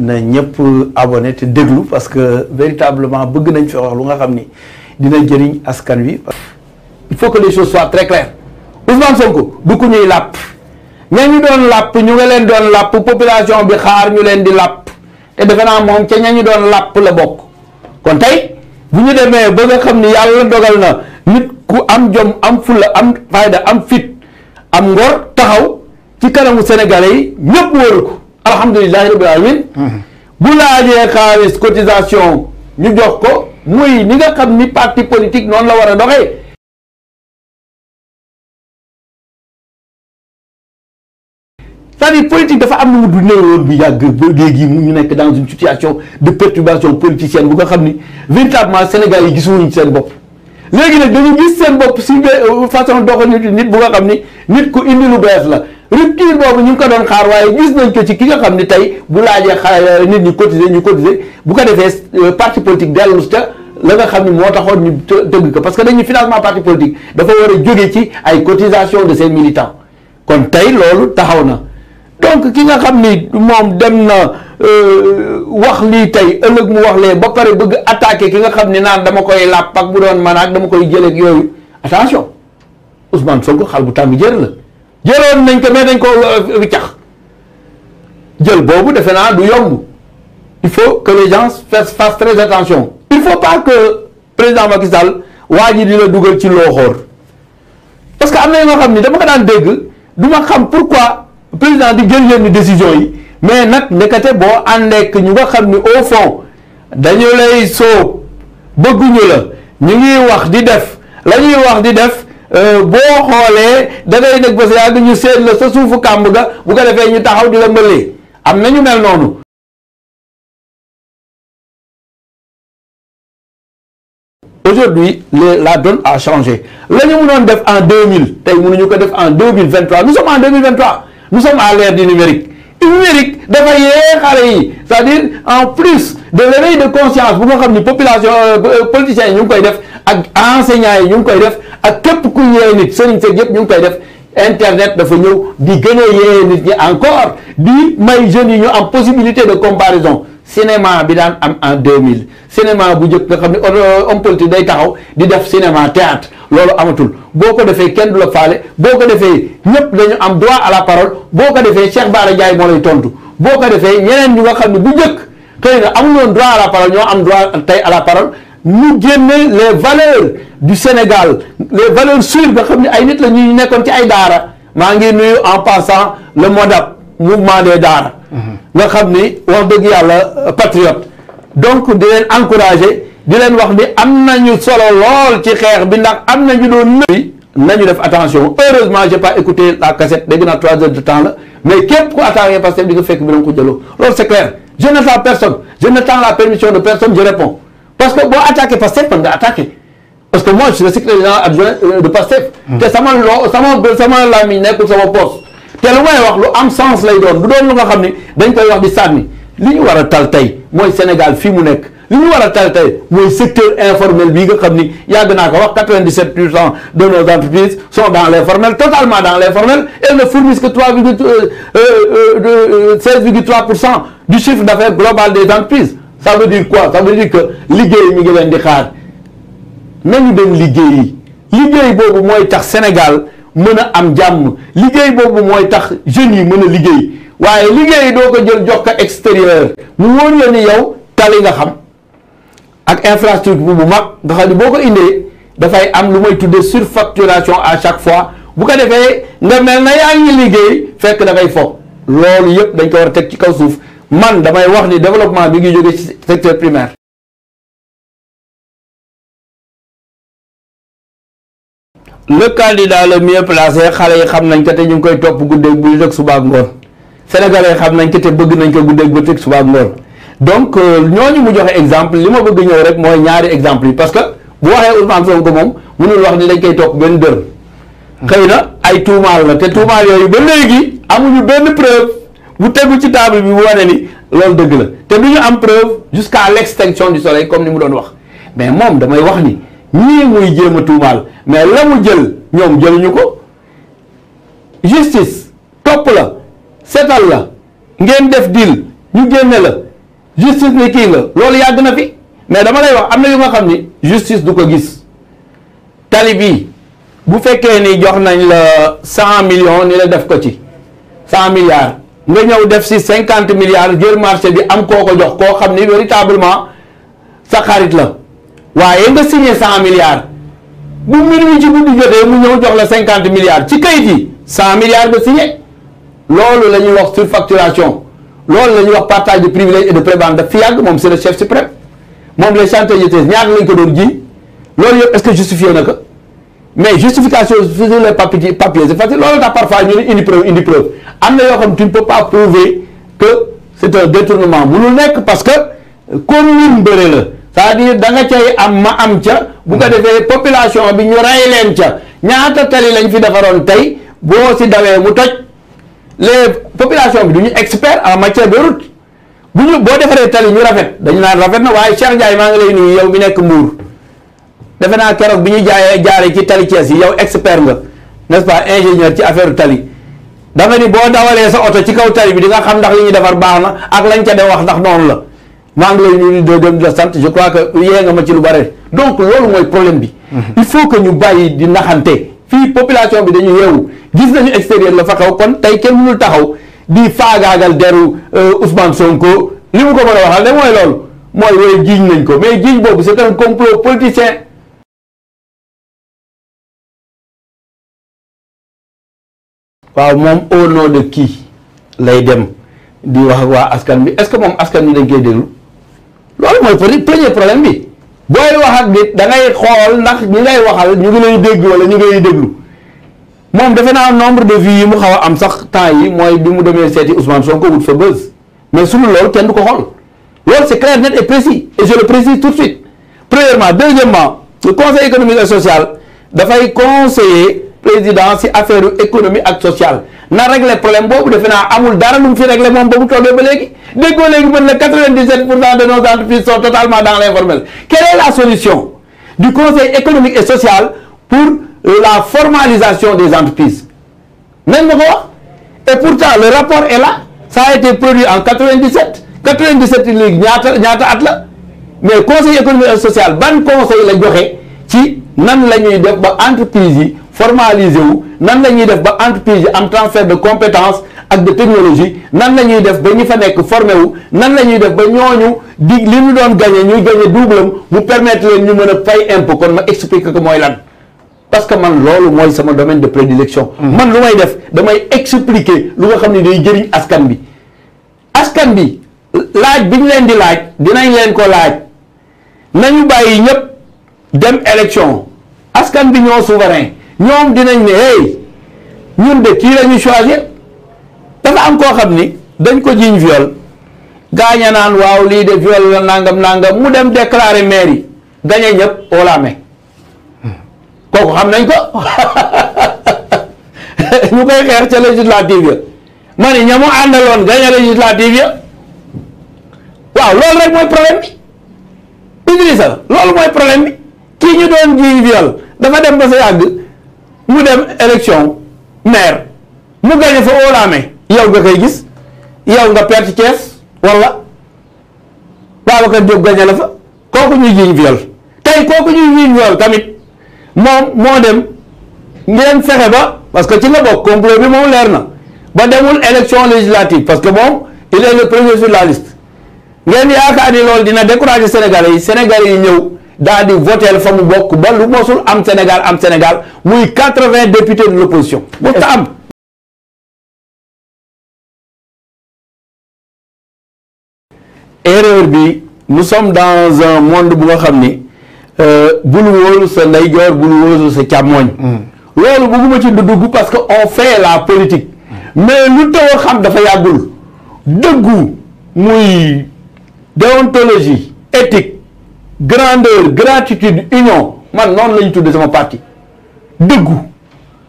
na ñëpp abonné te déglu parce que véritablement bëgg nañ fi wax lu nga xam ni dina jëriñ askan wi. il faut que les choses soient très claires Ousmane Sonko du ku ñuy làpp ña ñu doon làpp ñu nga leen doon làpp population bi xaar ñu leen di làpp te defe naa moom ca ña ñu doon làpp la bokk kon tey bu ñu demee ba nga xam ni yàlla dogal na nit ku am jom am fulla am fayda am fit am ngor taxaw ci kanamu sénégalais yi ñëpp wóoru ko. alhamdulilahi rabbil alamin mm-hmm. bu laajee xaalis cotisation ñu jox ko muy ni nga xam ni parti politique noonu la war a doxee cest à dafa am na mu dundee woon bu yàgg ba mu ñu nekk dans une situation de perturbation politicienne bu nga xam ni véritablement Sénégal yi gisuñu seen bopp léegi nag dañu gis seen bopp si euh, façon doxalin nit bu nga xam ni nit ku indi lu bees la rupture boobu ñu ngi ko doon xaar waaye gis nañ ko ci ki nga xam ni tey bu laajee euh, nit ñi cotiser ñu cotiser bu ko defee euh, parti politique dellu ca la nga xam ne moo taxoon ñu tëgg ko parce que dañuy financement parti politique dafa war a jóge ci ay cotisation de ses militants kon tey loolu taxaw na donc ki nga xam ni moom dem na euh, wax lii tey ëllëg mu wax lee ba pare bëgg attaqué ki nga xam ni naan dama koy làpp ak bu doon man ak dama koy jëleeg yooyu attention Ousmane Sonko xal bu tàng jër la jëloon nañ ko mais dañ koo wiccax euh, jël boobu defe naa du yomb il faut que les gens fassent très attention il faut pas que président Macky Sall waa ji di la dugal ci looxoor parce que am na yoo xam ni dama ko daan dégg du ma xam pourquoi président di jël yenn décision yi mais nag ndekete boo àndeek ñu nga xam ni au fond dañu lay soo bëgguñu la ñu ngi wax di def la ñuy wax di def Euh, boo xoolee da ngay nekk ba sa yàgg ñu seet la sa suufu kàmb ga bu ko defee ñu taxaw di la mbëlee am na ñu mel noonu. aujourd'hui la donne a changé la ñu mënoon def en deux mille tey mënuñu ko def en deux mille vingt trois nous sommes en deux mille vingt trois nous sommes à l'ère du numérique. numérique dafa yee xale yi en plus de l'éveil de conscience bu nga xam ni population euh, politiciens yi ñu ngi koy def ak enseignants yi ñu ngi koy def ak képp ku yee nit sëriñ sëriñ yëpp ñu ngi koy def internet dafa ñëw di gën a nit ñi encore di may jeunes yi ñu am possibilité de comparaison cinéma bi daan am en 2000 cinéma bu njëkk nga xam ne euh, homme politique day taxaw di def cinéma théâtre loolu amatul boo ko defee kenn du la faale boo ko defee ñëpp dañu am droit à la parole boo ko defee Cheikh Bara Ndiaye moo lay tontu boo ko defee ñeneen ñi nga xam ne bu njëkk xëy na amuloon droit à la parole ñoo am droit tey à la parole ñu génne les valeurs du Sénégal les valeurs sûres nga xam ne ay nit la ñuy nekkoon ci ay daara maa ngi nuyu en passant le MODAP mouvement des daara mm-hmm. nga xam ni wax dëgg yàlla euh, patriote donc di leen encouragé di leen wax ni am nañu solo lool ci xeex bi ndax am nañu doon nëbi nañu def attention heureusement j'ai pas écouté la cassette dégg naa trois heures de temps la mais képp ku attaqué parce que di nga fekk bi na ko jëloo loolu c'est je n'attends personne la permission de personne je réponds parce que boo attaqué Pastef mën nga attaqué parce que moi je euh, mm. sama loo sama sama làmmiñ nekkul sama te lu wax lu am sens lay doon du lu nga xam ni dañ koy wax di sànni li ñu war a tal tey mooy Sénégal fii mu nekk li ñu war a tal tey mooy secteur informel bii nga xam ni yàgg naa ko wax 97 pour cent de nos entreprises sont dans l'informel totalement dans l'informel et ne fournissent que 3 virgule 16 euh, euh, euh, virgule 3 pour cent du chiffre d'affaires global des entreprises ça veut dire quoi ça veut dire que liggéey mi ngi leen di xaar nañu dem liggéeyi liggéey boobu mooy tax Sénégal mën a am jàmm liggéey boobu mooy tax jeunes yi mën a liggéey waaye liggéey doo ko jël jox ko extérieur mu wóor la ni yow tali nga xam ak infrastructure bu mag nga xam ne boo ko indee dafay am lu may tuddee surfacturation à chaque fois bu ko defee nga mel na yaa ngi liggéey fekk dafay foog loolu yëpp dañ koy war a teg ci kaw suuf man damay wax ni développement bi ngi jóge ci secteur primaire le candidat le mieux placé xale yi xam nañ ko te ñu ngi koy topp guddeeg bu teg suba ak ngoon sénégalais xam nañ ko te bëgg nañ ko guddeeg bu teg suba ngoon donc euh, ñooñu mu joxe exemple li ma bëgg ñëw rek mooy ñaari exemple yi parce que bu waxee Ousmane Sonko moom mënul wax ni dañ koy topp benn dër xëy na ay tuumaal na te tuumaal yooyu ba léegi amuñu benn preuve bu tegu ci table bi bu wane ni loolu dëgg la te lu ñu am preuve jusqu'à l'extinction du soleil comme ni mu doon wax mais moom damay wax ni. ñii muy jéem a tuumaal mais la mu jël ñoom jëluñu ko justice topp la setal la ngeen def dil ñu génne la justice ni kii nga loolu yàgg na fi mais dama lay wax am na yu nga xam ni justice du ko gis tali bi bu fekkee ni jox nañ la cent million ni la def ko ci cent milliards nga ñëw def si cinquante milliards jël marché bi am koo ko jox koo xam ni véritablement sa xarit la waaye nga signé cent milliards bu mbir mi ci guddi jotee mu ñëw jox la cinquante milliards ci kayit yi cent milliards nga signé loolu la ñuy wax surfacturation loolu la ñuy wax partage de privilèges et de prébende fi yàgg moom c'est le chef suprême moom les chantiers yi ñaar lañ ko doon ji loolu yëpp est-ce que justifié na ko mais justification sur les papiers papiers c'est facile loolu tax parfois ñu ne indi preuve indi preuve am ne peux pas prouver que c'est nekk parce que commune bëre la. saa à dire da nga cay am ma am ca bu nga mm. defee population bi ñu rey leen ca ñaata tali lañ fi defaroon tey boo si dawee mu toj les population bi du ñu expert en matière de route bu ñu boo defaree tali ñu rafet dañu naan rafet na waaye Cheikh Ndiaye maa ngi lay nuyu yow mi nekk mbuur defe naa keroog bi ñu jaayee jaaree ci tali Thiès yi yow expert nga n'est-ce pas ingénieur ci affaire tali da nga ni boo dawalee sa oto ci kaw tali bi di nga xam ndax li ñu defar baax na ak lañ ca de wax ndax noonu la. maa ngi lay nuyu di la sant je crois que yee nga ma ci lu bare donc loolu mooy problème bi. Mhm. il faut que ñu bàyyi di naxante fii population bi dañu yeewu gis nañu extérieur la fa xaw kon tey kenn mënul taxaw di faagaagal deru euh, Ousmane Sonko li mu ko mën a waxal ne mooy loolu mooy wooy jiiñ nañ ko mais jiiñ boobu c'est un complot politicien. waaw moom au nom de qui lay dem di wax waa askan bi est-ce que moom askan bi dañ koy déglu. loolu mooy peut premier problème bi booy wax ak nit da ngay xool ndax ñi ngay waxal ñu ngi lay dégg wala ñu ngi lay déglu moom defe naa nombre de vues yi mu xaw a am sax temps yi mooy bi mu demee seeti Ousmane son wut fa buzz mais su dul loolu kenn du ko xool loolu c'est clair net et précis et je le précise tout de suite premièrement deuxièmement le conseil économique et social dafay conseiller président ci affaire économie ak sociale. na réglé problème boobu defe naa amul dara lu mu fi réglé moom ba mu toogee ba léegi déggoo léegi mën na 97 pour cent de nos entreprises sont totalement dans l'informel quelle est la solution du conseil économique et social pour euh, la formalisation des entreprises nañ ma ko wax et pourtant le rapport est là ça a été produit en 97 97 léegi ñaata ñaata at la mais conseil économique et social ban conseil la joxe ci nan la ñuy def ba entreprise yi formaliser wu nan la ñuy def ba entreprise yi am transfert de compétence ak de technologie nan la ñuy def ba ñu fa nekk formé wu nan la ñuy def ba ñooñu di li ñu doon gagné ñuy gagné double am mu permettre leen ñu mën a fay impôt kon ma expliquer ko mooy lan. parce que man loolu mooy sama domaine de prédilection. man lu may def damay expliquer lu nga xam ni day jëriñ askan bi askan bi laaj bi ñu leen di laaj dinañ leen ko laaj nañu bàyyi ñëpp dem élection askan bi ñoo souverain. ñoom dinañ ne hey ñun de kii la choisir dafa am koo xam ni dañ ko jiiñ viol gaaña naan waaw lii de viol la nangam mu dem déclarer mairie gañe ñëpp au la kooku xam nañ ko ñu koy xeex ca législative ya ma ni ña mu àndaloon gañe législative ya waaw loolu rek mooy problème bi Idrissa loolu mooy problème bi kii ñu doon jiiñ viol dafa dem ba sa yàgg mu dem élection maire mu gagné fa oo laamee yow nga koy gis yow nga perte Thiès wala Babacar Diop gagné la fa kooku ñuy jiiñ viol tey kooku ñuy jiiñ viol tamit moom moo dem ngeen fexe ba parce que ci la bokk complot bi moom leer na ba demul élection législative parce que moom il est le premier sur la liste ngeen yaakaar ni loolu dina décourager Sénégalais yi Sénégalais yi ñëw. daal di voteel fa mu bokk ba lu mosul am Sénégal am Sénégal muy quatre-vingts députés de l'opposition mosta am erreur bi nous sommes dans un monde bu nga xam ni euh, bul wóolu sa ndeyjoor bul wóolu sa càmmooñ hmm. loolu bëgguma ci dugg parce que on fait la politique hmm. mais lu taw xam dafa yàggul dëggu muy déontologie éthique grandeur gratitude union man noonu la ñu tuddee sama parti dëggu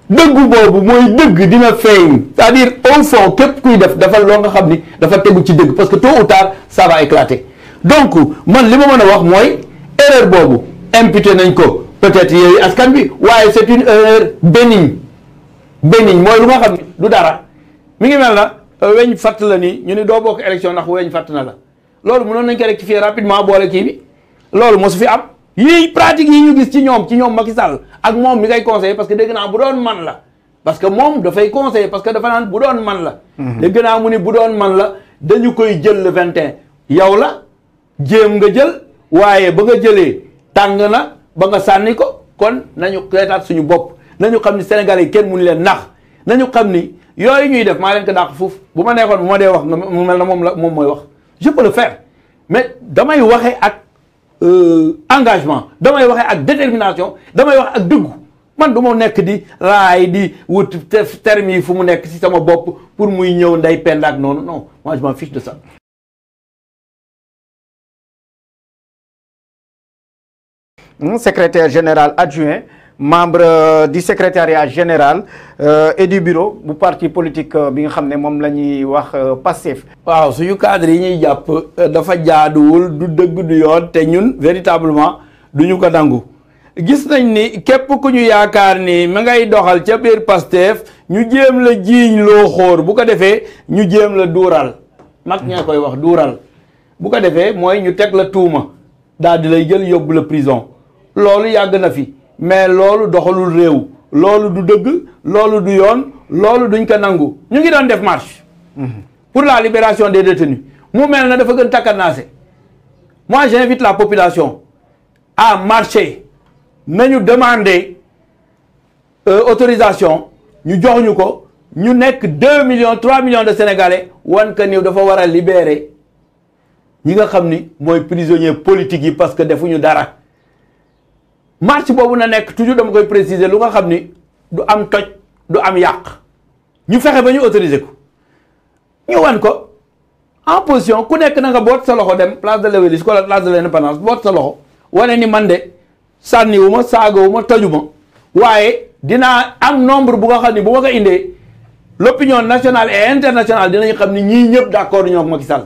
dëggu boobu mooy dëgg dina feeñ c'est-à-dire au fond képp kuy def dafa loo nga xam ni dafa tegu ci dëgg parce que tôt ou tard ça éclater donc man li ma mën a wax mooy erreur boobu imputé nañ ko peut-être yooyu askan bi waaye c'est une erreur bénigne bénigne mooy lu nga xam ni du dara mu ngi mel na euh, weñ fàtt la nii ñu ni doo bokk élection ndax weñ fàtt na la loolu mu mënoon nañ ko rectifier rapidement boole kii loolu moo su fi am yii pratique yi ñu gis ci ñoom ci ñoom Macky Sall ak moom mi ngay conseillé parce que dégg naa bu doon man la parce que moom dafay conseil parce que dafa naan bu doon man la mhm. dégg naa mu ni bu doon man la dañu koy jël le vingt et yow la jéem nga jël waaye ba nga jëlee tàng na ba nga sànni ko kon nañu reetaat suñu bopp nañu xam ni sénégal yi kenn ni leen nax nañu xam ni yooyu ñuy def maa leen ko dàq foofu bu ma neexoon bu ma dee wax nga mu mel moom la moom mooy wax je ak Euh, engagement damay waxee ak détermination damay wax ak dëggu man du ma nekk di raay di wut terme fu mu nekk ci sama bopp pour muy ñëw nday pend ak noonu non moi je de ça secretaire général adjoint membre euh, di secrétariat général euh, et du bureau bu parti politique euh, bi nga xam ne moom lañuy ñuy wax Pastef. waaw suñu cadre yi ñuy jàpp dafa jaaduwul du dëgg du yoon te ñun véritablement du ñu ko dangu gis nañ ni képp ku ñu yaakaar ni ma ngay doxal ca biir Pastef ñu jéem la jiiñ loo xóor bu ko defee ñu jéem la duural mag ñaa koy wax duural bu ko defee mooy ñu teg la tuuma daal di lay jël yóbbu la prison loolu yàgg na fi. mais loolu doxalul réew loolu du dëgg loolu du yoon loolu duñ ko nangu ñu ngi doon def marche pour la libération des détenus mu mel na dafa gën takkanaase moi j'invite la population à marcher nañu demander euh, autorisation ñu joxuñu ko ñu nekk deux millions trois millions de sénégalais wan que ni dafa war a libérer ñi nga xam ni mooy prisonniers politique yi parce que defuñu dara marche boobu na nekk toujours dama koy préciser lu nga xam ni du am toj du am yàq ñu fexe ba ñu autoriser ko ñu wan ko en position ku nekk na nga boot sa loxo dem place de l'Obélisque wala place de l'Indépendance boot sa loxo wane ni man de sànniwu ma saagawu ma toju ma waaye dinaa am nombre bu nga xam ni bu ma ko indee l'opinion nationale et internationale dinañ xam ni ñii ñëpp d'accord ñoo Macky Sall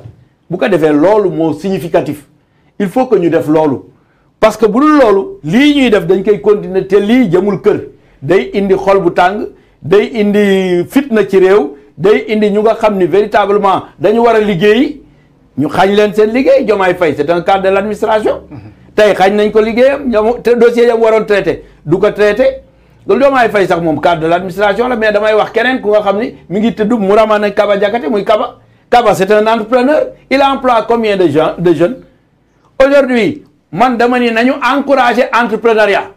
bu ko defee loolu moo significatif il faut que ñu def loolu parce que bu dul loolu lii ñuy def dañ koy continuer te lii jëmul kër day indi xol bu tàng day indi fitna ci réew day indi ñu nga xam ni véritablement dañu war a liggéey ñu xañ leen seen liggéey Diomaye Faye c'est un cadre de l'administration tey xañ nañ ko liggéeyam ñoom te dossier yam waroon traité du ko traité loolu Diomaye Faye sax moom cadre de l'administration la mais damay wax keneen ku nga xam ni mi ngi tudd Mouramane Kaba Diakhaté muy Kaba Kaba c'est un entrepreneur il emploie combien de gens de man dama ni nañu encourager entrepreneuriat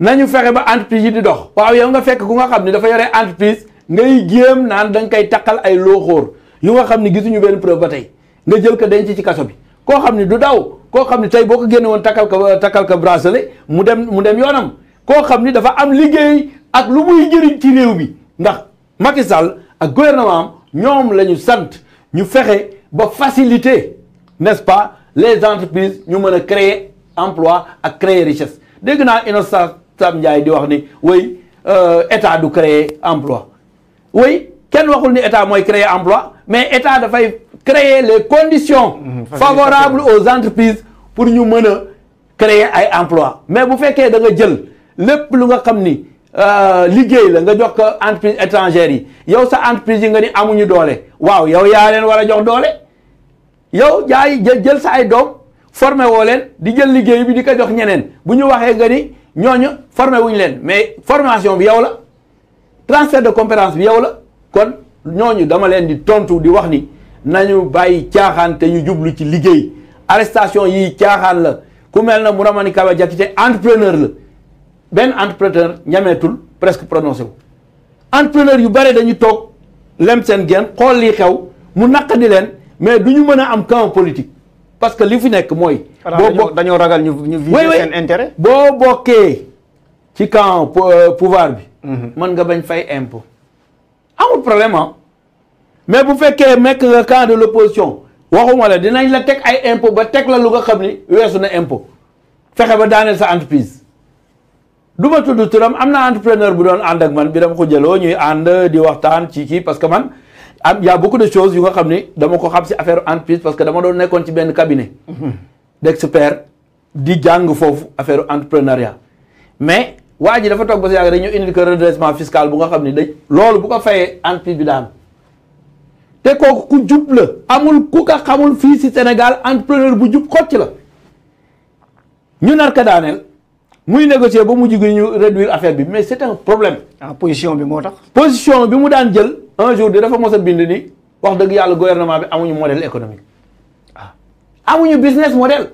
nañu fexe ba entreprise yi di dox waaw yow nga fekk ku nga xam ne dafa yore entreprise ngay jéem naan da nga koy takkal ay looxóor yu nga xam ne gisuñu benn preuve ba tey nga jël ko denc ci kaso bi koo xam ne du daw koo xam ne tey boo ko génne woon takkal ko takkal ko bracelet mu dem mu dem yoonam koo xam ni dafa am liggéey ak lu muy jëriñ ci réew bi ndax Macky ak gouvernement am ñoom lañu ñu sant ñu fexe ba facilité nest les entreprises ñu mën a créer emploi ak créer richesse dégg naa Innocent Sam Ndiaye di wax ni oui euh, état du créer emploi oui kenn waxul ni état mooy créer emploi mais état dafay créer les conditions mm-hmm. favorables aux entreprises pour ñu mën a créer ay emploi mais bu fekkee da nga jël lépp lu nga xam ni euh, liggéey la nga jox ko entreprise étrangère yi yow sa entreprise yi nga ni amuñu doole waaw yow yaa leen war a jox doole yow jaay jël sa ay doom formé woo leen di jël liggéey bi di ko jox ñeneen bu ñu waxee nga ni ñooñu formé wuñ leen mais formation bi yow la transfert de compétence bi yow la kon ñooñu dama leen di tontu di wax ni nañu bàyyi caaxaan te ñu jublu ci liggéey arrestation yi caaxaan la ku mel na Mouramani Kaba Diakité entrepreneur la benn entrepreneur ñameetul presque prononcé wu entrepreneur yu bare dañu toog lem seen genn xool lii xew mu naq di leen mais du ñu mën a am camp politique parce que li fi nekk mooy. boo dañoo ragal ñu ñu viser seen intérêt. boo bokkee ci camp euh, pouvoir bi. Mhm. mën nga bañ fay impôt. amul problème mais bu fekkee nekk nga camp de l' waxuma la dinañ la teg ay impôt ba teg la luga xam ni weesu na impôt fexe ba daaneel sa entreprise. du ma tudd turam am na entrepreneur bu doon ànd ak man biram dama ko jëloo ñuy ànd di waxtaan ci kii parce que man. am y' a beaucoup de yu nga xam ni dama ko xam si affaire entreprise parce que dama doon nekkoon ci benn cabinet mhm. d'expert di jàng foofu affaire entrepreneuriat mais waa ji dafa toog ba si yàgg rek ñu indil ko redressement fiscal bu nga xam ni dañ loolu bu ko fayee entreprise bi daan te kooku ku jub la amul ku ko xamul fii si Sénégal entrepreneur bu jub xocc la ñu nar ko daaneel muy négocier ba mu jigi ñu réduire affaire bi mais c'est problème ah, position bi moo tax position bi mu daan jël un jour de dafa mos a ni wax dëgg yàlla gouvernement bi amuñu modèle économique ah amuñu business model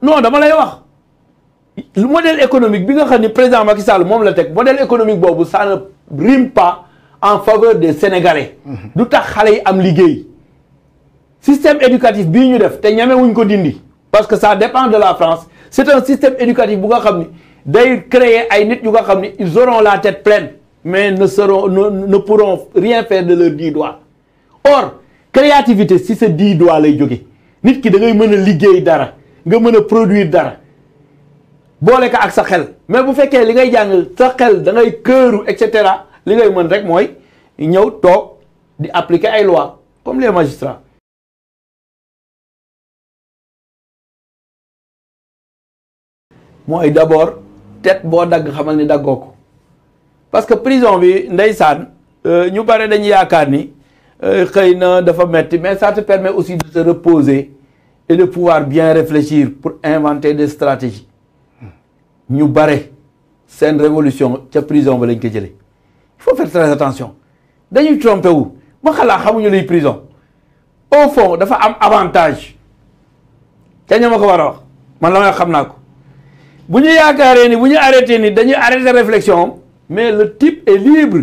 no dama lay wax modèle économique bi nga xam ni président Macky Sall moom la teg modèle économique boobu ça ne rime pas en faveur des Sénégalais. Mm-hmm. du tax xale yi am liggéey. système éducatif bii ñu def te ñamewuñ ko dindi parce que ça dépend de la France c'est un système éducatif bu nga xam ni day créer ay nit yu nga xam ni ils auront la tête pleine. mais ne seront ne, ne pourront rien faire de leurs dix or créativité si sa dix lay jóge nit ki da ngay mën a liggéey dara nga mën a produire dara boole ko ak sa xel mais bu fekkee li ngay jàng sa xel da këru et cetera li ngay mën rek mooy ñëw toog di appliquer ay lois comme les magistrats mooy d'abord tête boo dagg xamal ni daggoo ko parce que prison bi ndeysaan euh, ñu bare dañuy yaakaar ni euh, xëy na dafa metti mais ça te permet aussi de te reposer et de pouvoir bien réfléchir pour inventer des stratégies ñu bare seen révolution ca prison ba lañ ko jële il faut faire très attention dañuy trompé wu ba xamuñu luy prison au fond dafa am avantage ca ñoo ma ko war a wax man la may xam naa ko bu ñu yaakaaree ni bu ñu arrêté ni dañuy arrêté réflexion mais le type et libre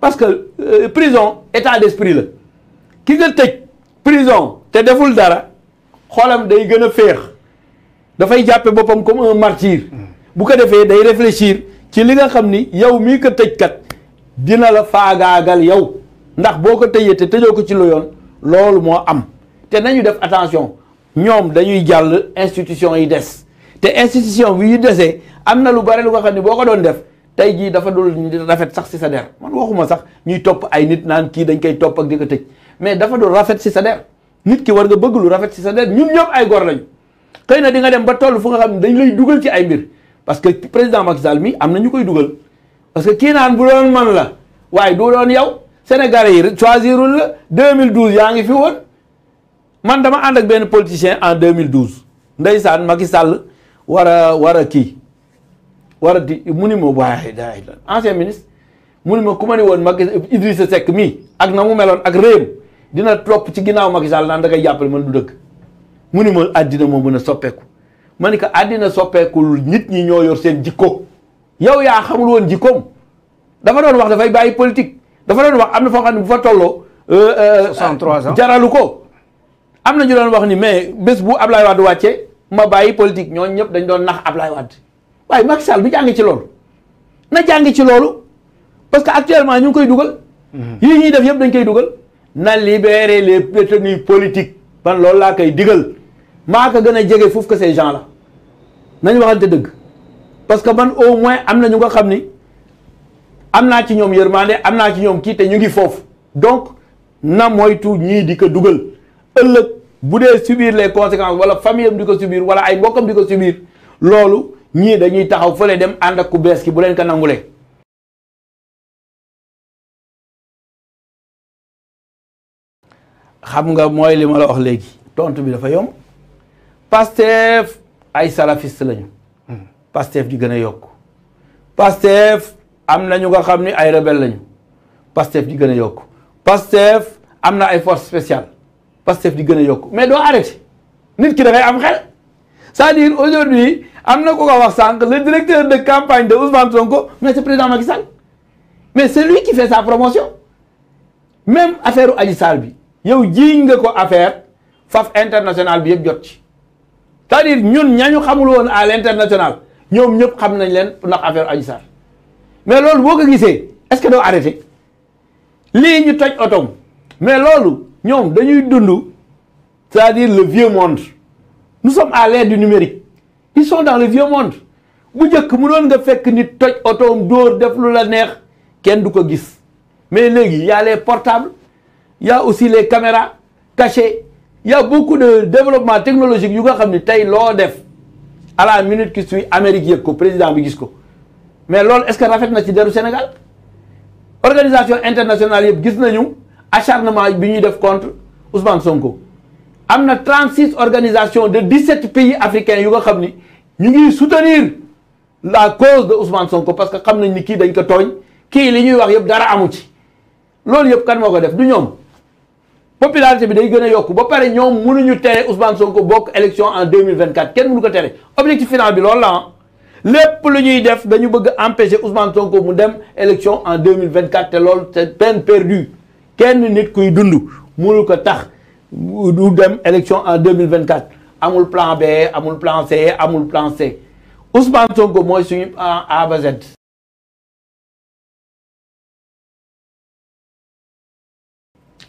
parce que euh, prison état d'esprit la ki nga tëj prison te deful dara xoolam day gën a féex dafay jàppe boppam comme un martyr bu ko defee day réfléchir ci li nga xam ni yow mii ko tëj kat dina la faagaagal yow ndax boo ko tëjee te tëjoo ko ci lu yoon loolu moo am te nañu def attention ñoom dañuy jàll institution yi des te institution bi yu desee am na lu bare lu nga xam ne boo ko doon def tey jii dafa dul rafet sax si sa der man waxuma sax ñuy topp ay nit naan kii dañ koy topp ak di ko tëj mais dafa dul rafet si sa der nit ki war nga bëgg lu rafet si sa der ñun ñëpp ay gor lañu xëy na dinga dem ba toll fu nga xam ne dañ lay dugal ci ay mbir parce que président Macky Sall mi am na ñu koy dugal parce que kii naan bu doon man la waaye du doon yow Sénégalais yi choisirul mille 2012 yaa ngi fi woon man dama ànd ak benn politicien en 2012 ndeysaan Macky Sall war a war a kii. war a di mu ni ma waaye daay la ancien ministre mu ni ma ku ma ne woon Macky Idrissa Seck mii ak na mu meloon ak réem dina topp ci ginnaaw Macky Sall naan da jàppale man du dëgg mu ni ma àddina moo mën a soppeeku ma ni ko àddina soppeekul nit ñi ñoo yor seen jikko yow yaa xamul woon jikkoom dafa doon wax dafay bàyyi politique dafa doon wax am na foo xam ne bu fa tolloo 63 euh, euh, ans jaralu ko am na ñu doon wax ni mais bés bu Ablaye du wàccee ma bàyyi politique ñoo ñëpp dañ doon nax Ablaye Wade waaye Macky Sall du jàng ci loolu na jàng ci loolu parce que actuellement ñu ngi koy dugal. Mhm. yii ñuy def yëpp dañ koy dugal. na libérer les détenus politiques man loolu laa koy digal maa ko gën a jege foofu que ces gens là nañu waxante dëgg parce que man au moins am na ñu nga xam ni am naa ci ñoom yërmande am naa ci ñoom kii te ñu ngi foofu donc na moytu ñii di ko dugal ëllëg bu dee subir les conséquences wala famille am di ko subir wala ay mbokkam di ko subir loolu. ñii dañuy taxaw fële dem ànd ak ku bees ki bu leen ko nangule xam nga mooy li ma wax léegi tontu bi dafa yomb Pastef ay salafiste lañu hmm. Pastef di gën a yokk Pastef am na ñu xam ni ay rebelle lañu Pastef di gën a yokk Pastef am na ay force spéciale Pastef di gën a yokk mais doo arrêté nit ki da am xel cest à aujourd'hui am na ko ko wax sànq le directeur de campagne de Ousmane Sonko mais c'est président Macky Sall mais c'est lui qui fait sa promotion même affaire Adji Sarr bi yow jiiñ nga ko affaire faf international bi yëpp jot ci cest ñun ñañu xamul woon à l'international ñoom ñëpp xam nañ leen ndax affaire Adji Sarr mais loolu boo ko gisee est-ce que doo arrêté lii ñu toj otom mais loolu ñoom dañuy dund cest le vieux monde nous sommes à l'ère du numérique ils sont dans le vieux monde bu njëkk mënoon nga fekk nit toj otoom dóor def lu la neex kenn du ko gis mais léegi y a les portables y aussi les caméra cachées y a beaucoup de développement technologique yu nga xam ni tey loo def à la minute qui suit Amérique yëg ko président bi gis ko mais loolu est-ce que rafet na ci deru Sénégal organisation internationale yëpp gis nañu acharnement bi ñuy def contre Ousmane Sonko am na 36 organisations de 17 pays africains yu nga xam ni. ñu ngi soutenir la cause de Ousmane Sonko parce que xam nañ ni kii dañ ko tooñ kii li ñuy wax yëpp dara amu ci loolu yëpp kan moo ko def du ñoom popularité bi day gën a yokk ba pare ñoom mënuñu tere Ousmane Sonko bokk élection en 2024 kenn mënu ko tere objectif final bi loolu la ah. lépp lu ñuy def dañu bëgg empêcher Ousmane Sonko mu dem élection en 2024 te loolu c'est peine perdue kenn nit kuy dund mënu ko tax du dem élection en 2024 amul plan B amul plan C amul plan C Ousmane Sonko mooy suñu plan A ba Z.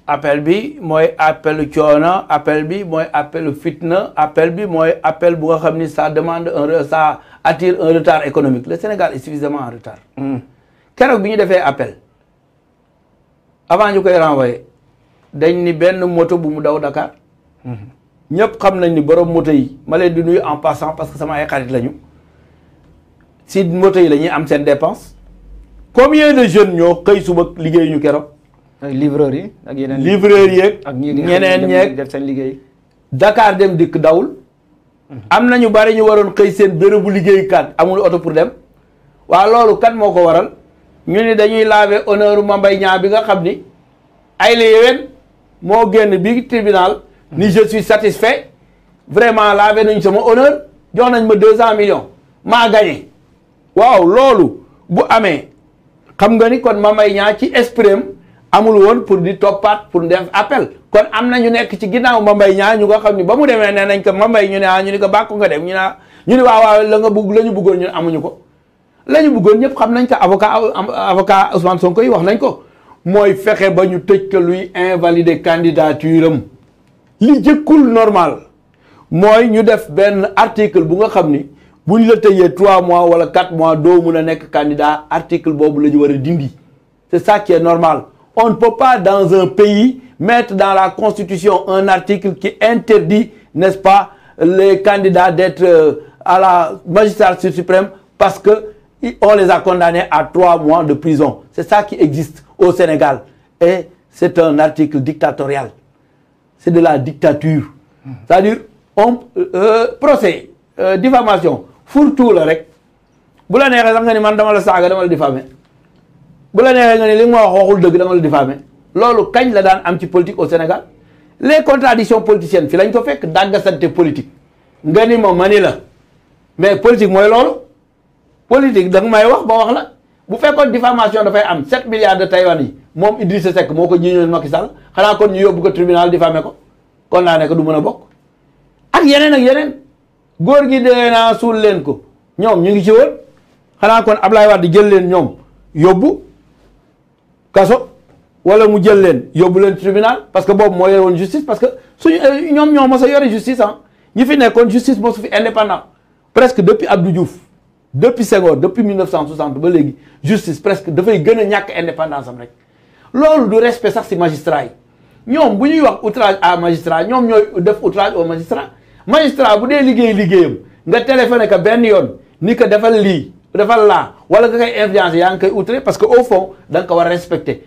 appel bi mooy appelu coono appel bi mooy appelu fitna appel bi mooy appel bu nga xam ni ça demande un ça attire un retard économique le Sénégal est suffisamment en retard. Hmm. bi ñu defee appel avant ñu koy renvoyer dañ ni benn moto bu mu daw Dakar. Hmm. ñëpp xam nañ ni borom moto yi ma leen di nuy en passant parce que sama ay xarit lañu si moto yi la am seen dépense combien de jeunes ñoo xëy suba liggéey ñu keroog. ak livreurs yi ak yeneen. livreurs yeeg ak ñeneen ñeeg def seen liggéey. Dakar dem dikk dawul. Mhm. am na ñu bari ñu waroon xëy seen bérébu liggéeykat amul oto pour dem. waa loolu kan moo ko waral ñu ni dañuy laver honneur Mame Mbaye bi nga xam ni ay la yéwén moo génn bi tribunal. ni je suis satisfait vraiment lavé nañu sama honneur jox nañ ma deux cent millions maa gagné waaw loolu bu amee xam nga ni kon Mame Mbaye Niang ci esprit am amul woon pour di toppaat pour def appel kon am na ñu nekk ci ginnaaw Mame Mbaye ñu ko xam ni ba mu demee nee nañ ko Mame Mbaye ñu ne ah ñu ni ko bàkku nga dem ñu ne ah, ñu ni waaw waaw la nga bugg la ñu bëggoon ñu ne amuñu ko la ñu bëggoon ñëpp xam nañ ko avocat avocat Ousmane Sonko yi wax nañ ko mooy fexe ba ñu tëj ko luy invalider candidature am li jëkkul normal mooy ñu def benn article bu nga xam ni bu ñu la tëjee trois mois wala quatre mois doo mu a nekk candidat article boobu la ñu war a dindi c'est ça qui est normal on ne peut pas dans un pays mettre dans la constitution un article qui interdit n'est-ce pas les candidats d'être euh, à la magistrature suprême parce que on les a condamnés à trois mois de prison c'est ça qui existe au Sénégal et c'est un article dictatorial c'est de la dictature c'est-à-dire on euh, euh, procès euh, diffamation fourre la rek bu la neexee sax nga ni man dama la saaga dama la diffamé bu la neexee nga ni li nga ma wax waxul dëgg dama la diffamé loolu kañ la daan am ci politique au Sénégal les contradictions politiciennes fi lañ ko fekk dàggasante politique nga ni ma mani la mais politique mooy loolu politique da nga may wax ba wax la bu fekkoon diffamation dafay am 7 milliards de taïwan yi moom Idrissa Seck moo ko jiiñoon Macky Sall xanaa kon ñu yóbbu ko tribunal diffamé ko kon naa ne du mën a bokk ak yeneen ak yeneen góor gi dee naa suul leen ko ñoom ñu ngi ci xanaa kon Ablaye Wade jël leen ñoom yóbbu kaso wala mu jël leen yóbbu leen tribunal parce que boobu moo yore woon justice parce que suñu euh, ñoom ñoo mos a yore justice ah ñi fi nekkoon justice moo su fi indépendant presque depuis Abdou Diouf depuis Senghor depuis 1960 ba léegi justice presque dafay gën a ñàkk indépendance am rek. loolu du respect sax si magistrat yi ñoom bu ñuy wax outrage à magistrat ñoom ñooy def outrage au magistrat magistrat bu dee liggéey liggéeyam nga téléphoné ko benn yoon ni ko defal lii defal laa wala nga koy influence yaa ngi koy outre parce que au fond da ko war a respecté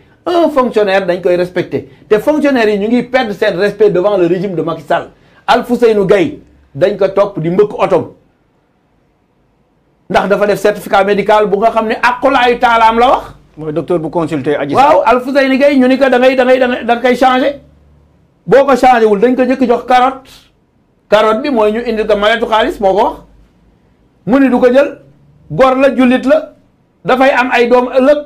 fonctionnaire dañ koy respecté te fonctionnaire yi ñu ngi perdre seen respect devant le régime de Macky Sall Alfousseynou Gaye dañ ko topp di mbëkk otom ndax dafa def certificat médical bu nga xam ne akkulaayu taalaam la wax mooy docteur bu consulter aji waaw Alfousseyni Gaye ñu ni ko da ngay da ngay da nga koy boo ko changé wul dañ ko njëkk jox carotte carotte bi mooy ñu indi ko maletu xaalis moo ko wax mu ni du ko jël gor la jullit la dafay am ay doom ëllëg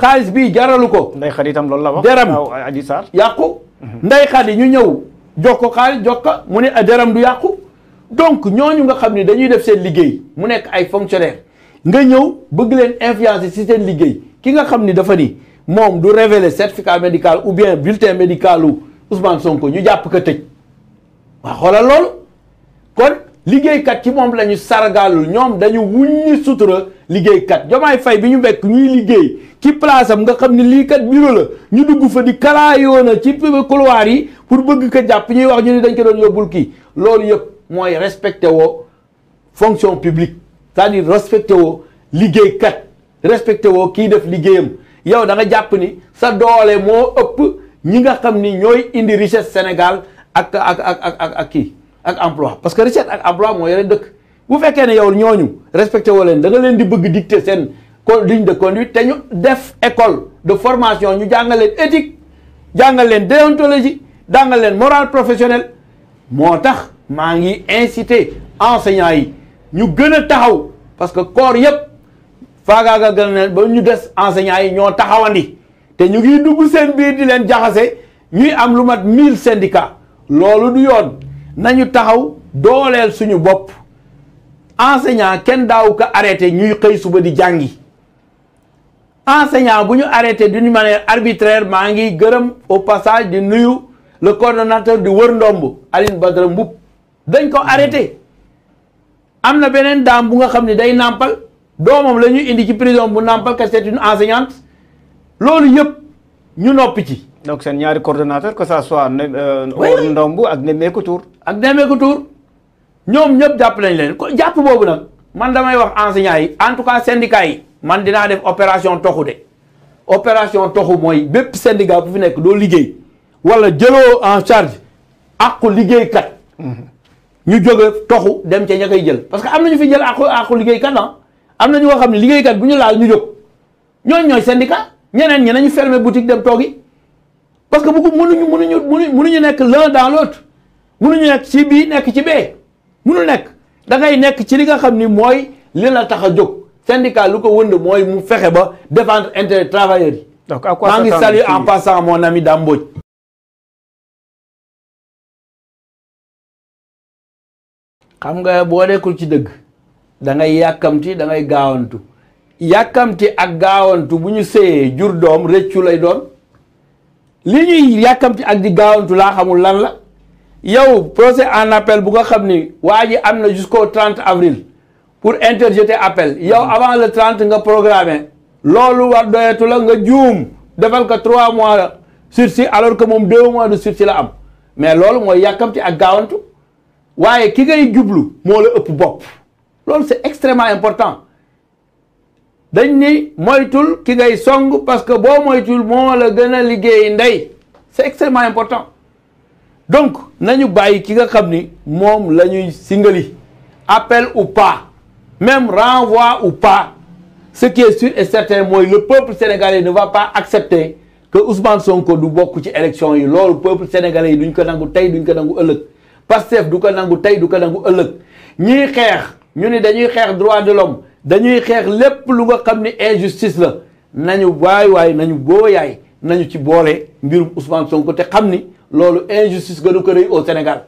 xaalis bii jaralu ko. nday loolu la wax deram aji Sarr yàqu. Mhm. nday xadi ñu ñëw jox ko jox ko mu ne ah, deram du yàqu donc ñooñu nga xam ne dañuy def seen liggéey mu nekk ay fonctionnaire nga ñëw bëgg leen influencer si seen liggéey. ki nga xam ni dafa ni moom du révéler certificat médical ou bien bulletin médical u Ousmane Sonko ñu jàpp ko tëj waa xoolal loolu kon liggéeykat ci moom la ñu sargalul ñoom dañu wuññi sutura liggéeykat jomaay fay bi ñu bekk ñuy liggéey ci place am nga xam ne lii kat bureau la ñu dugg fa di kalaayoona ci couloir yi pour bëgg ko jàpp ñuy wax ñu ni dañ ko doon yóbbul kii loolu yëpp mooy respecté woo fonction publique c'est-à-dire respecté woo liggéeykat respecté woo kii def liggéeyam yow da jàpp ni sa doole moo ëpp ñi nga xam ni ñooy indi richesse Sénégal ak ak ak ak ak kii ak emploi parce que richesse ak emploi moo yore dëkk bu fekkee ne yow ñooñu respecté woo leen danga leen di bëgg dicter seen ligne de conduite te ñu def école de formation ñu jàngal leen éthique jàngal leen déontologie jàngal leen morale professionnelle moo tax maa ngi incité enseignants yi ñu gën a taxaw parce que corps yëpp. faagaagal gën leen ba ñu des enseignants yi ñoo taxawandi te ñu ngi dugg seen biir di leen jaxase ñuy am lu mat mille syndicats loolu du yoon nañu taxaw dooleel suñu bopp enseignant kenn daaw ko arrêté ñuy xëy suba di jàngi enseignant bu ñu arrêté d'une manière arbitraire maa ngi gërëm au passage di nuyu le coordonnateur du wër ndomb Aline Badara Mboup dañ ko arrêté am na beneen daam bu nga xam ne day nàmpal doomam la ñuy indi ci prison bu naam parce que c'est une enseignante loolu yëpp ñu noppi ci. donc seen ñaari coordonnateur que sa ça soit. Euh, oui ndombu ak Nemmeeku Tour. ak Nemmeeku Tour ñoom ñëpp jàpp nañ leen ko jàpp boobu nag man damay wax enseignants yi en tout cas syndicats yi man dinaa def opération toxu de opération toxu mooy bépp syndicat bu fi nekk doo liggéey wala jëloo en charge àqu liggéeykat mhm. ñu jóge toxu dem ca ña koy jël parce que am na ñu fi jël àqu àqu liggéeykat ah. am na ñu nga xam ne liggéeykat bu ñu laal ñu jóg ñooñu ñooy sendika ñeneen ñi nañu fermer boutique dem toogi parce que bu mënuñu mënuñu mënuñu nekk l'un dans l'autre mënuñu nekk ci bii nekk ci bee mënu nekk da nekk ci li nga xam ni mooy li la tax a jóg syndicat lu ko wënd mooy mu fexe ba défendre intérêt travailleurs yi. donc à quoi maa ngi saluer en passant mon ami Dame Mbodj xam nga boo nekkul ci dëgg. da yàkkamti da ngay gaawantu yàkkamti ak gaawantu bu ñu séyee jur doom rëccu lay doon li ñuy yàkkamti ak di gaawantu laa xamul lan la yow procès en appel bu nga xam ni waa ji am na jusqu'au 30 avril pour interjeter appel yow mhm. avant le 30 nga programmé loolu war doyatu la nga juum defal ko 3 mois la sursis alors que moom 2 mois de sursis la am mais loolu mooy yàkkamti ak gaawantu waaye ki ngay jublu moo la ëpp bopp loolu c'est extrêmement important dañ ni moytul ki ngay song parce que boo moytul moo la gën a liggéey ndey c'est extrêmement important donc nañu bàyyi ki nga xam ni moom la ñuy singali appel au pas même renvoi ou pas ce qui est sûr et certain mooy le peuple sénégalais ne va pas accepter que Ousmane Sonko du bokk ci élection yi loolu peuple sénégalais yi duñ ko nangu tey duñ ko nangu ëllëg Pastef du ko nangu tey du ko nangu ëllëg ñiy xeex ñu ni dañuy xeex droit de l'homme dañuy xeex lépp lu nga xam ni injustice la nañu waay waay nañu boo yaay nañu ci boole mbir Ousmane Sonko te xam ni loolu injustice gënu ko rëy au Sénégal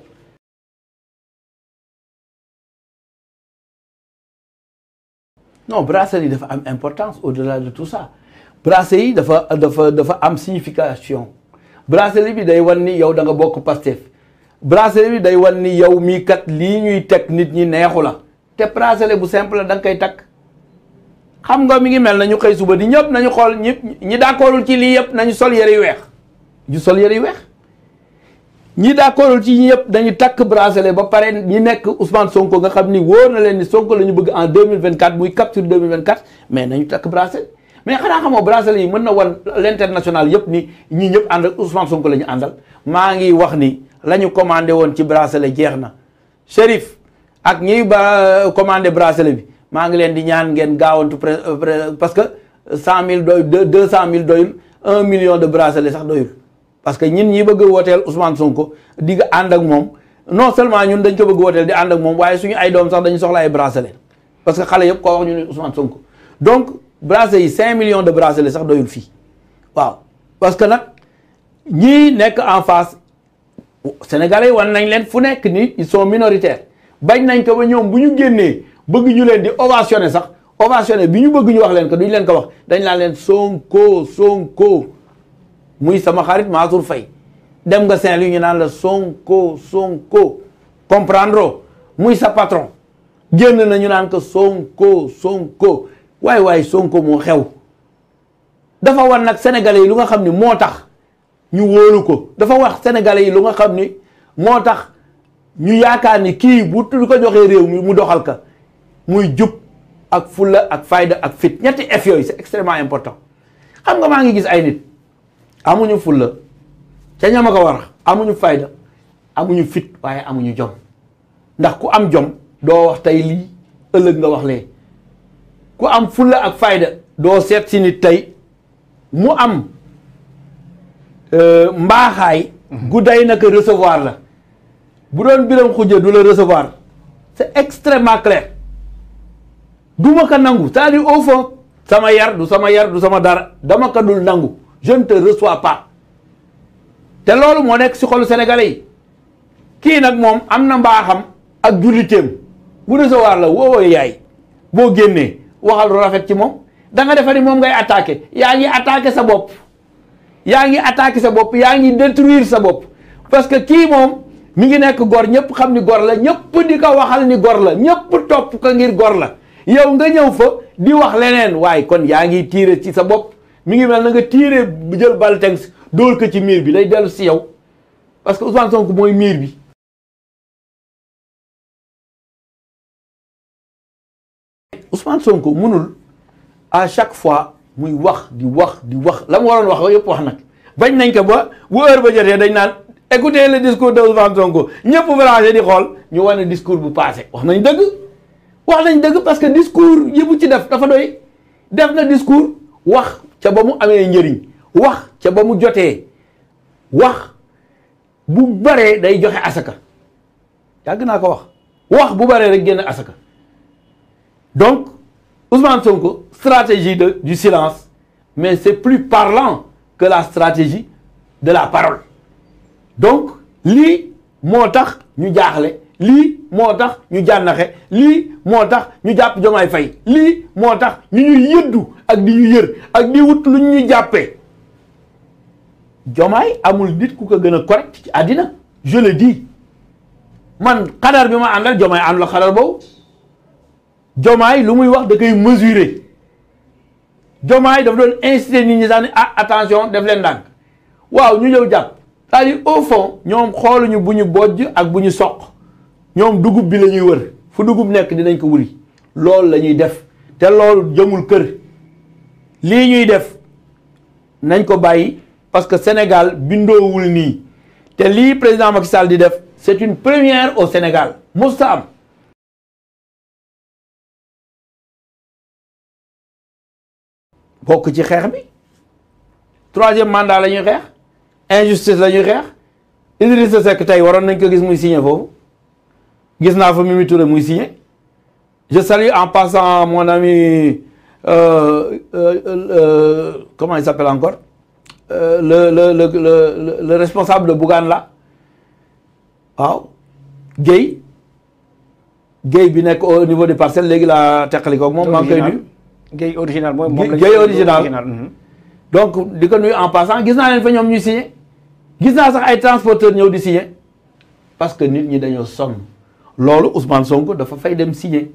no bracelet yi dafa am importance au-delà de tout ça bracelet yi dafa dafa dafa am signification bracelet bi day wan ni yow da nga bokk Pastef bracelet bi day wan ni yow mii kat lii ñuy teg nit ñi neexu la te bracelet bu simple la danga koy takk xam nga mi ngi mel na ñu xëy suba di ñëpp nañu xool ñi ñi d'accordul ci lii yëpp nañu sol yëre yu weex ñu sol yëre yu weex ñi d'accordul ci yëpp dañu takk bracelet ba pare ñi nekk Ousmane Sonko nga xam ni wóor na leen ni Sonko la ñu bëgg en 2024 muy capture 2024 mais nañu takk bracelet mais xanaa xamoo bracelet yi mën na wan l'international yëpp ni ñi ñëpp ànd ak Ousmane Sonko la ñu àndal maa ngi wax ni la ñu commandé woon ci bracelet jeex na Chérif ak ñiy ba commandé bracelet bi maa ngi leen di ñaan ngeen gaawantu euh, parce que cent mille doyul deux cent mille doyul un million de bracelet sax doyul parce que ñin ñi bëgg a wooteel Ousmane Sonko di nga ànd ak moom non seulement ñun dañ ko bëgg wooteel di ànd ak moom waaye suñu ay doom sax dañu soxla ay bracelet parce que xale yëpp koo wax ñu ne Ousmane Sonko donc bracelet yi cinq millions de bracelet sax doyul fii waaw parce que nag ñi nekk en face sénégalais wan nañ leen fu nekk ni ils sont bañ nañ ko ba ñoom bu ñu génnee bëgg ñu leen di ovationné sax ovationné bi ñu bëgg ñu wax leen ko duñ leen ko wax dañ laa leen Sonko ko muy sama xarit Mansour fay dem nga seen louis ñu naan la Sonko Sonko comprendre muy sa patron génn na ñu naan ko Sonko ko waay waay Sonko moo xew dafa wan nag sénégalais yi lu nga xam ni moo tax ñu wóolu ko dafa wax sénégalais yi lu nga xam ni moo tax ñu yaakaar ni kii bu tudd ko joxee réew mi mu doxal ka muy jub ak fulla ak fayda ak fit ñetti F yooyu c'est extrêmement important xam nga maa ngi gis ay nit amuñu fulla ca ñama ko war amuñu fayda amuñu fit waaye amuñu jom ndax ku am jom doo wax tey lii ëllëg nga wax lee ku am fulla ak fayda doo seet si nit tey mu am euh, mbaaxaay mhm. gu day naka recevoir la bu doon biram xujja du la recevoir c'est extrêmement clair du ma ko nangu c'est-à-dire au fond sama yar sama yar sama dara dama ko nangu je ne te reçois pas te loolu moo nekk si xolu sénégalais yi kii nag moom am na mbaaxam ak julliteem bu recevoir la woowoo yaay boo génnee waxal lu rafet ci moom danga nga ni moom ngay attaque yaa ngi attaqué sa bopp yaa ngi attaqué sa bopp yaa ngi détruire sa bopp parce que kii moom mi ngi nekk gor ñëpp xam ni gor la ñëpp di waxal ni gor la ñëpp topp ko ngir gor la yow nga ñëw fa di wax leneen waaye kon yaa ngi tiire ci sa bopp mi ngi mel na nga tiire jël bal teg ko ci miir bi lay dellu si yow parce que Ousmane Sonko miir bi. Ousmane mënul à chaque fois muy wax di wax di wax la mu waroon wax yëpp wax nag bañ nañ ko ba bu heure ba jotee dañ naan. écoutez le discours de Ousmane Sonko ñëpp branché di xool ñu wane discours bu passé wax nañ dëgg wax nañ dëgg parce que discours yi bu ci def dafa doy def na discours wax ca ba mu amee njëriñ wax ca ba mu jotee wax bu baree day joxe asaka yàgg naa ko wax wax bu baree rek génn asaka donc Ousmane Sonko stratégie de du silence mais c'est plus parlant que la stratégie de la parole donc lii moo tax ñu jaaxle lii moo tax ñu jànnaxe lii moo tax ñu jàpp jomaay fay lii moo tax ñu ñuy yëddu ak di ñu yër ak di wut lu ñu jàppee jomaay amul nit ku ko gën a correct ci àddina je le dis man xadar bi ma àndal jomaay àndul ak xadar boobu jomaay lu muy wax da koy mesurer jomaay dafa doon inciter nit ñi sax ne ah, attention def leen ndànk waaw ñu ñëw jàpp cest au fond ñoom xooluñu buñu bojj ak bu ñu soq ñoom dugub bi lañuy ñuy wër fu dugub nekk dinañ ko wuri loolu la ñuy def te loolu jëmul kër lii ñuy def nañ ko bàyyi parce que Sénégal bindoowul nii te lii président Macky Sall di def c'est une première au Sénégal musta am bokk ci xeex bi troisième mandat lañuy ñuy xeex injustice la ñuy xeex Idrissa Seck tey waroon nañ ko gis muy signé foofu gis naa fa Mimi Touré muy signé je salue en passant mon ami euh, euh, euh, comment il s'appelle encore euh, le le le le le responsable de Bougane là waaw Guèye Guèye bi nekk au niveau des parcelles léegi laa teqali ko moom. maa ngi koy nuyu Guèye original mooy moom la donc di ko nuyu en passant gis naa leen fa ñoom ñu signé gis naa sax ay transporteur ñëw di signé parce que nit ñi dañoo sonn loolu Ousmane sonk dafa fay dem signe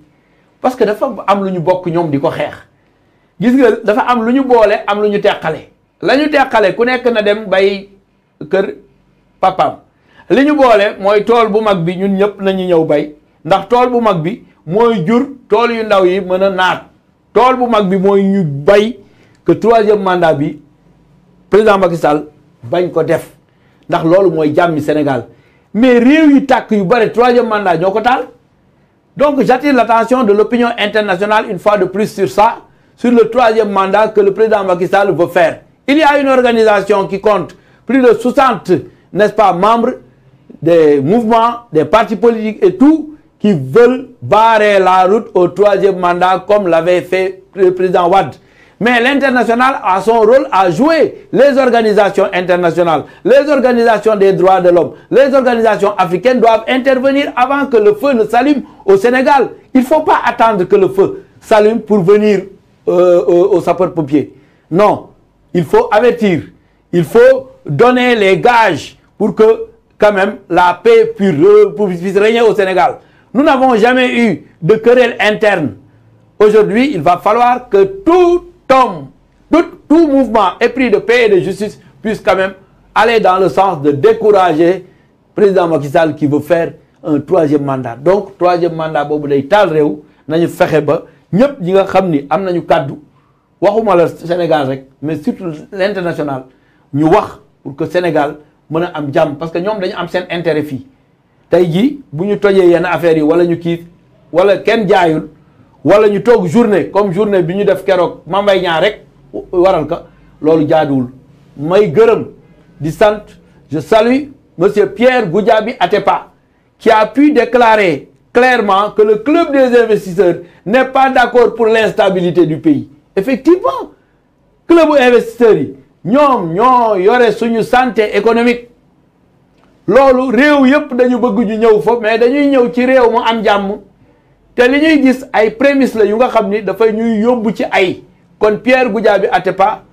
parce que dafa am lu ñu bokk ñoom di ko xeex gis nga dafa am lu ñu boole am lu ñu teqale la ñu teqale ku nekk na dem bay kër papaam li ñu boole mooy tool bu mag bi ñun ñëpp nañu ñëw bay ndax tool bu mag bi mooy jur tool yu ndaw yi mën a naat tool bu mag bi mooy ñu bay le troisième mandat bi président Macky Sall bañ ko def ndax loolu mooy jàmmi Sénégal mais réew yu tàkk yu bare troisième mandat ñoo ko taal donc j'attire l'attention de l'opinion internationale une fois de plus sur ça sur le troisième mandat que le président Macky Sall veut faire il y a une organisation qui compte plus de 60 n'est-ce pas membre des mouvements des partis politiques et tout qui veulent barrer la route au troisième mandat comme l'avait fait président Wade Mais l'international a son rôle à jouer. Les organisations internationales, les organisations des droits de l'homme, les organisations africaines doivent intervenir avant que le feu ne s'allume au Sénégal. Il ne faut pas attendre que le feu s'allume pour venir euh, aux, euh, aux sapeurs-pompiers. Non, il faut avertir, il faut donner les gages pour que quand même la paix puisse régner au Sénégal. Nous n'avons jamais eu de querelle interne. Aujourd'hui, il va falloir que tout tombe, tout, tout mouvement épris de paix de justice puisse quand même aller dans le sens de décourager président Macky Sall qui veut faire un troisième mandat donc troisième mandat boobu day taal réew nañu fexe ba ñépp ñi nga xam ni am nañu kàddu waxuma la Sénégal rek mais surtout l'international ñu wax pour que Sénégal mën a am jàmm parce que ñoom dañu am seen intérêt fii tey jii bu ñu tojee yenn affaire yi wala ñu kii wala kenn jaayul wala ñu toog journée comme journée bi ñu def keroog mambay ñaar rek waral ka loolu jaaduwul may gërëm di sant je salue monsieur Pierre Goudiaby pa qui a pu déclarer clairement que le club des investisseurs n'est pas d'accord pour l'instabilité du pays effectivement club investisseurs yi ñoom ñoo yore suñu santé économique loolu réew yëpp dañu bëgg ñu ñëw foofu mais dañuy ñëw ci réew mu am jàmm te li ñuy gis ay prémices la yu nga xam ni dafay ñuy yóbbu ci ay kon Pierre Goudiaby Atepa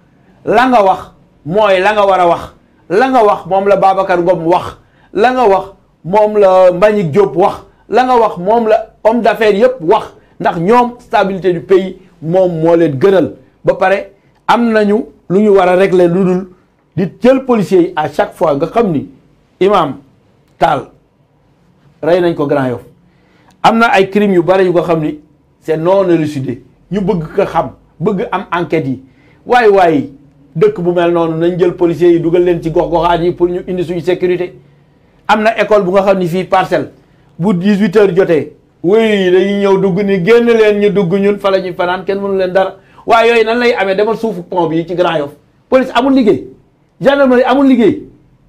la nga wax mooy la nga war a wax la nga wax moom la Babacar Ngom wax la nga wax moom la Mbagnick Diop wax la nga wax moom la homme d'affaires yépp wax ndax ñoom stabilité du pays moom moo leen gënal ba pare am nañu lu ñu war a régler lu dul di jël policiers yi à chaque fois nga xam ni imam taal rey nañ ko Grand Yoff am na ay crimes yu bari yu ko xam ni c'est non élucidé ñu bëgg ko xam bëgg am enquête yi waaye waaye dëkk bu mel noonu nañ jël policiers yi dugal leen ci gox-goxaan yi pour ñu indi suñu sécurité am na école bu nga xam ni fii parcelle bu 18 heures jotee wéyu yi ñëw dugg ni génn leen ñu dugg ñun fa la ñuy fanaan kenn mënu leen dara waaye yooyu nan lay amee demal suufu pont bi ci Grand Yoff police amul liggéey gendarmerie amul liggéey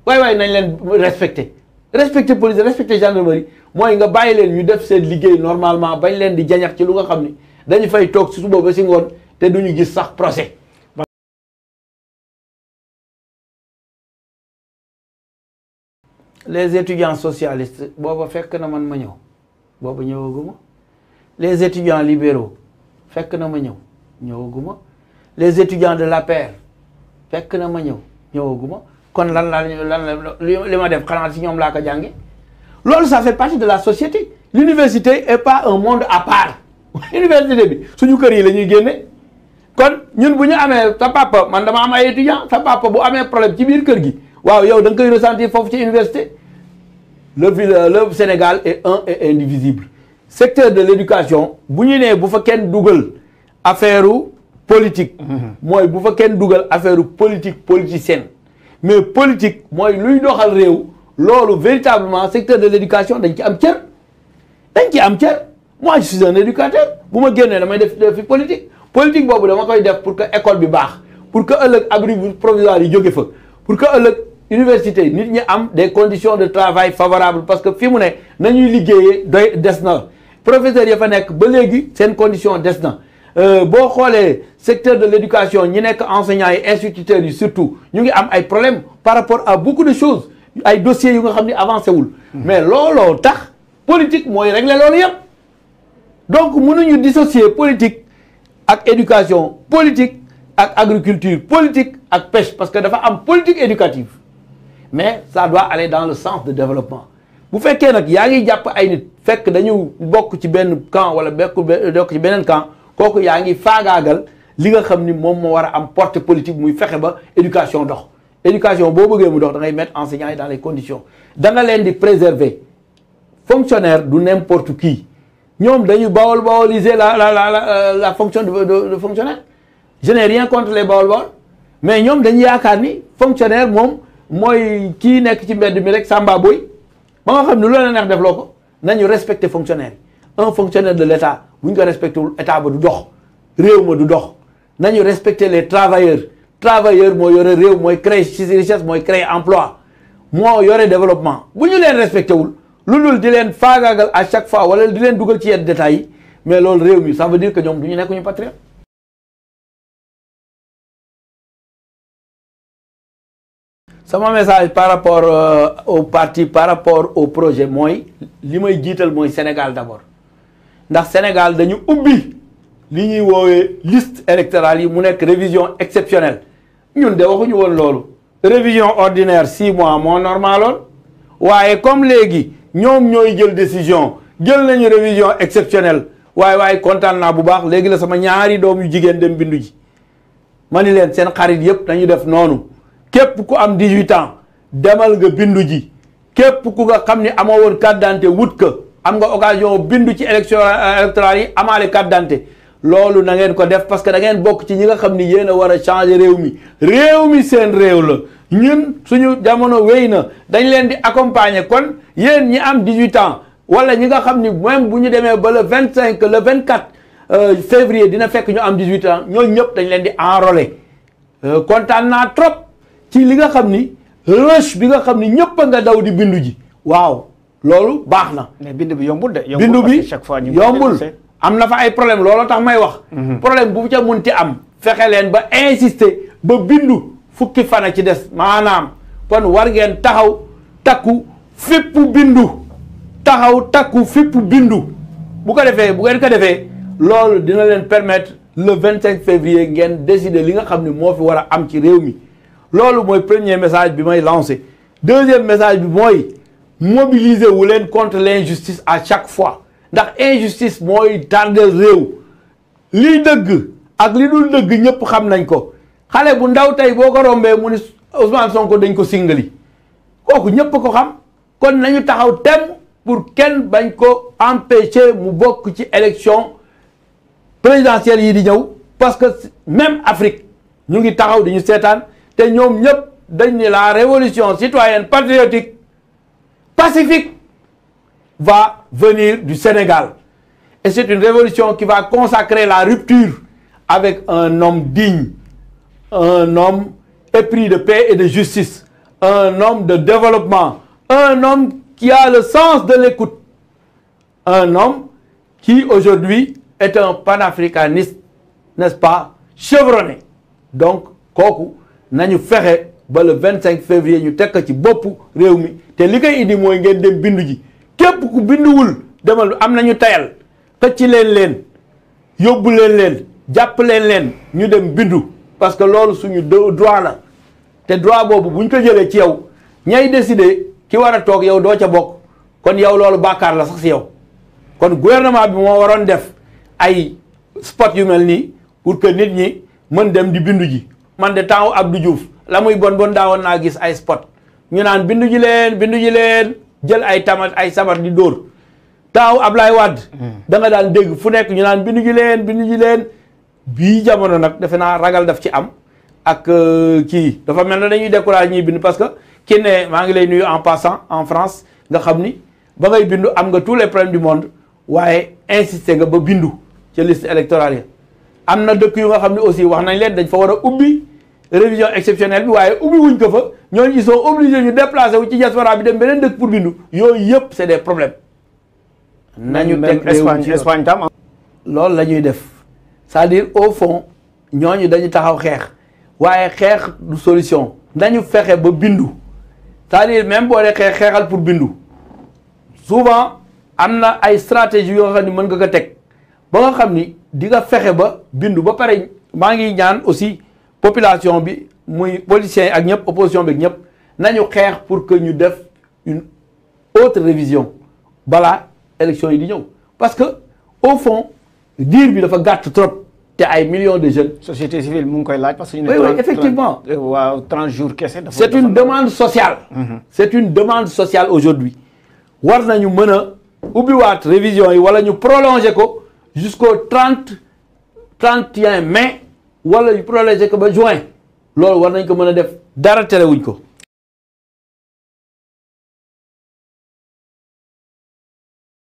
waaye waaye nañ leen respecté respecté police respecté gendarmerie mooy nga bàyyi leen ñu def seen liggéey normalement bañ leen di jañax ci lu nga xam ni dañu fay toog si suba si ngoon te duñu gis sax procès les étudiants socialistes boobu fekk na man ma ñëw booba ñëwaguma les étudiants libéraux fekk na ma ñëw ñëwaguma les étudiants de l'APR fekk na ma ñëw ñëwaguma kon lan laa lan la li ma def xanaa si ñoom laa ko jànge loolu ça fait partie de la société l'université est pas un monde à part université bi suñu kër yi la ñuy génne kon ñun bu ñu amee sa papa man dama am ay étudiant sa papa bu amee problème ci biir kër gi waaw yow da nga koy ressentir foofu ci université le euh, le Sénégal est un et indivisible secteur de l'éducation bu ñu nee bu fa kenn dugal affaire politique mhm. mooy bu fa kenn dugal affaire politique politicienne mais politique mooy luy doxal réew loolu véritablement secteur de l'éducation dañ ci am cër dañ ci am cër moi je suis un éducateur bu ma génnee damay def def fi politique boobu dama koy def pour que école bi baax pour que ëllëg abri provisoire yi jóge fa pour que ëllëg université nit ñi am des conditions de travail favorables parce que fi mu ne nañuy liggéeyee doy des na professeurs yi fa nekk ba léegi seen condition des na euh, boo xoolee secteur de l'éducation ñi nekk enseignants yi instituteurs yi surtout ñu ngi am ay problèmes par rapport à beaucoup de choses ay dossiers yu nga xam ne avancé wul. mais looloo tax politique mooy régler loolu yëpp. donc mënuñu dissocier politique ak éducation politique ak agriculture politique ak pêche parce que dafa am politique éducative mais ça doit aller dans le sens de développement. bu fekkee nag yaa ngi jàpp ay nit fekk dañu bokk ci benn kan wala bokk ci beneen camp kooku yaa ngi faagaagal li nga xam ni moom moo war a am porte politique muy fexe ba éducation dox. éducation boo bëggee mu dox da ngay mettre enseignants yi dans les conditions da leen di préserver fonctionnaire du n'importe qui ñoom dañu bawol bawoliser la la la la euh, la fonction de de fonctionnaire je n'ai rien contre bawol bawol mais ñoom dañu yaakaar ni fonctionnaire moom mooy kii nekk ci mbedd mi rek Samba Boy ba nga xam ne lu la neex def loo ko nañu respecter fonctionnaire un fonctionnaire de l'État bu ñu ko respecté wul état ba du dox réew ma du dox nañu respecter les travailleurs. travailleur moo yore réew mooy créer richesse mooy créer emploi moo yore développement bu ñu leen respecté wul lu dul di leen faagaagal à chaque fois wala di leen dugal ci yet détails mais loolu réew mi ça veut dire que ñoom du ñu nekk ñu patriote sama message par rapport euh, au partie par rapport au projet mooy li may jiital mooy Sénégal d'abord ndax Sénégal dañu ubbi li ñuy woowee liste électorale yi mu nekk révision exceptionnel ñun de waxuñu woon loolu révision ordinaire six mois moo normaloon waaye comme léegi ñoom ñooy jël décision jël nañu révision exceptionnel waaye waaye kontaan naa bu baax léegi la sama ñaari doom yu jigéen dem bindu ji ma ni leen seen xarit yépp nañu def noonu képp ku am 18 ans demal nga bindu ji képp ku nga xam ni amoo woon carte d'identité wut ka am nga occasion bindu ci élection euh, électorale yi amaale carte d'identité loolu na ngeen ko def parce que da ngeen bokk ci ñi nga xam ni yéen a war a changer réew mi réew mi seen réew la ñun suñu jamono wéy na dañ leen di accompagner kon yéen ñi am 18 ans wala ñi nga xam ni même bu ñu demee ba le 25 vingt 24 février dina fekk ñu am 18 ans ñooñu ñëpp dañ leen di enrôler euh, kontaan naa trop ci li nga xam ni rush bi nga xam ni ñëpp a nga daw di bindu ji waaw loolu baax na. mais bindu bi yombul de. yombul bindu bi yombul. am na fa ay problème looloo tax may wax. Mhm. problème bu ca munti am. fexe leen ba insister ba bindu fukki fana ci des maanaam kon war ngeen taxaw takku fépp bindu taxaw takku fépp bindu bu ko defee bu ngeen ko defee loolu dina leen permettre le 25 février ngeen décider li nga xam ne moo fi war a am ci réew mi loolu mooy premier message bi may lancé deuxième message bi mooy mobiliser wu leen contre l'injustice à chaque fois. ndax injustice mooy tàndal réew lii dëgg ak li dul dëgg ñëpp xam nañ ko xale bu ndaw tey boo ko rombee mu ni Ousmane Sonko dañ ko singali kooku ñëpp ko xam kon nañu taxaw tem pour kenn bañ ko empêcher mu bokk ci élection présidentielle yi di ñëw parce que même Afrique ñu ngi taxaw di ñu seetaan te ñoom ñëpp dañ ni la révolution citoyenne patriotique pacifique va venir du Sénégal. Et c'est une révolution qui va consacrer la rupture avec un homme digne, un homme épris de paix et de justice, un homme de développement, un homme qui a le sens de l'écoute, un homme qui aujourd'hui est un panafricaniste, n'est-ce pas, chevronné. Donc, kooku nañu fexe ba le 25 février ñu tekk ci boppu réew mi te li koy indi mooy ngeen dem bindu ji képp ku binduwul demal am nañu tayal xëcc leen leen yóbbu leen leen jàpp leen leen ñu dem bindu parce que loolu suñu droit la te droit boobu buñ ko jëlee ci yow ñay décider ki war a toog yow doo ca bokk kon yow loolu bàkkaar la sax si yow kon gouvernement bi moo waroon def ay spot yu mel nii pour que nit ñi mën dem di bindu ji man de temps Abdou Diouf la muy bon bon daawoon naa gis ay spot ñu naan bindu ji leen bindu ji leen jël ay tamat ay sabar di dóor taaw Ablaye Wade mm. da nga daan dégg fu nekk ñu naan bindu ji leen bindu ji leen bii jamono nag defe naa ragal daf ci am ak euh, kii dafa mel ne dañuy découragé ñuy bind parce que ki maa ngi lay nuyu en passant en France nga xam ni ba ngay bindu am nga tous les problèmes du monde waaye insisté nga ba bindu ci liste électorale yi am na dëkk yu nga xam ne aussi wax nañ leen dañ fa war a ubbi révision exceptionnelle bi waaye ubbi wuñ ko fa ñooñu ils sont obligés ñu déplacer wu ci diaspora bi dem beneen dëkk pour bindu yooyu yëpp c' est des problèmes. nañu teg Espagne Espagne tam ah. loolu la ñuy def cest dire au fond ñooñu dañu taxaw xeex waaye xeex du solution nañu fexe ba bindu cest dire même boo dee xeex xeexal pour bindu souvent am na ay stratégie yoo xam ni mën nga ko teg ba nga xam ni dinga fexe ba bindu ba pare maa ngi ñaan aussi population bi. muy politiciens ak ñëpp opposition bi ak ñëpp nañu xeex pour que ñu def une autre révision balaa élection yi di ñëw parce que au fond diir bi dafa gàtt trop te ay millions de jeunes. société civile mu ngi koy laaj parce que. ñu ne 30 euh, kese. dafa est une demande sociale. Mhm. c' est une demande sociale aujourd'hui war nañu mën a ubbiwaat révision yi wala ñu prolonger ko jusqu'au 30 31 mai wala ñu prolonger ko ba juin. loolu war nañ ko mën a def dara terewuñ ko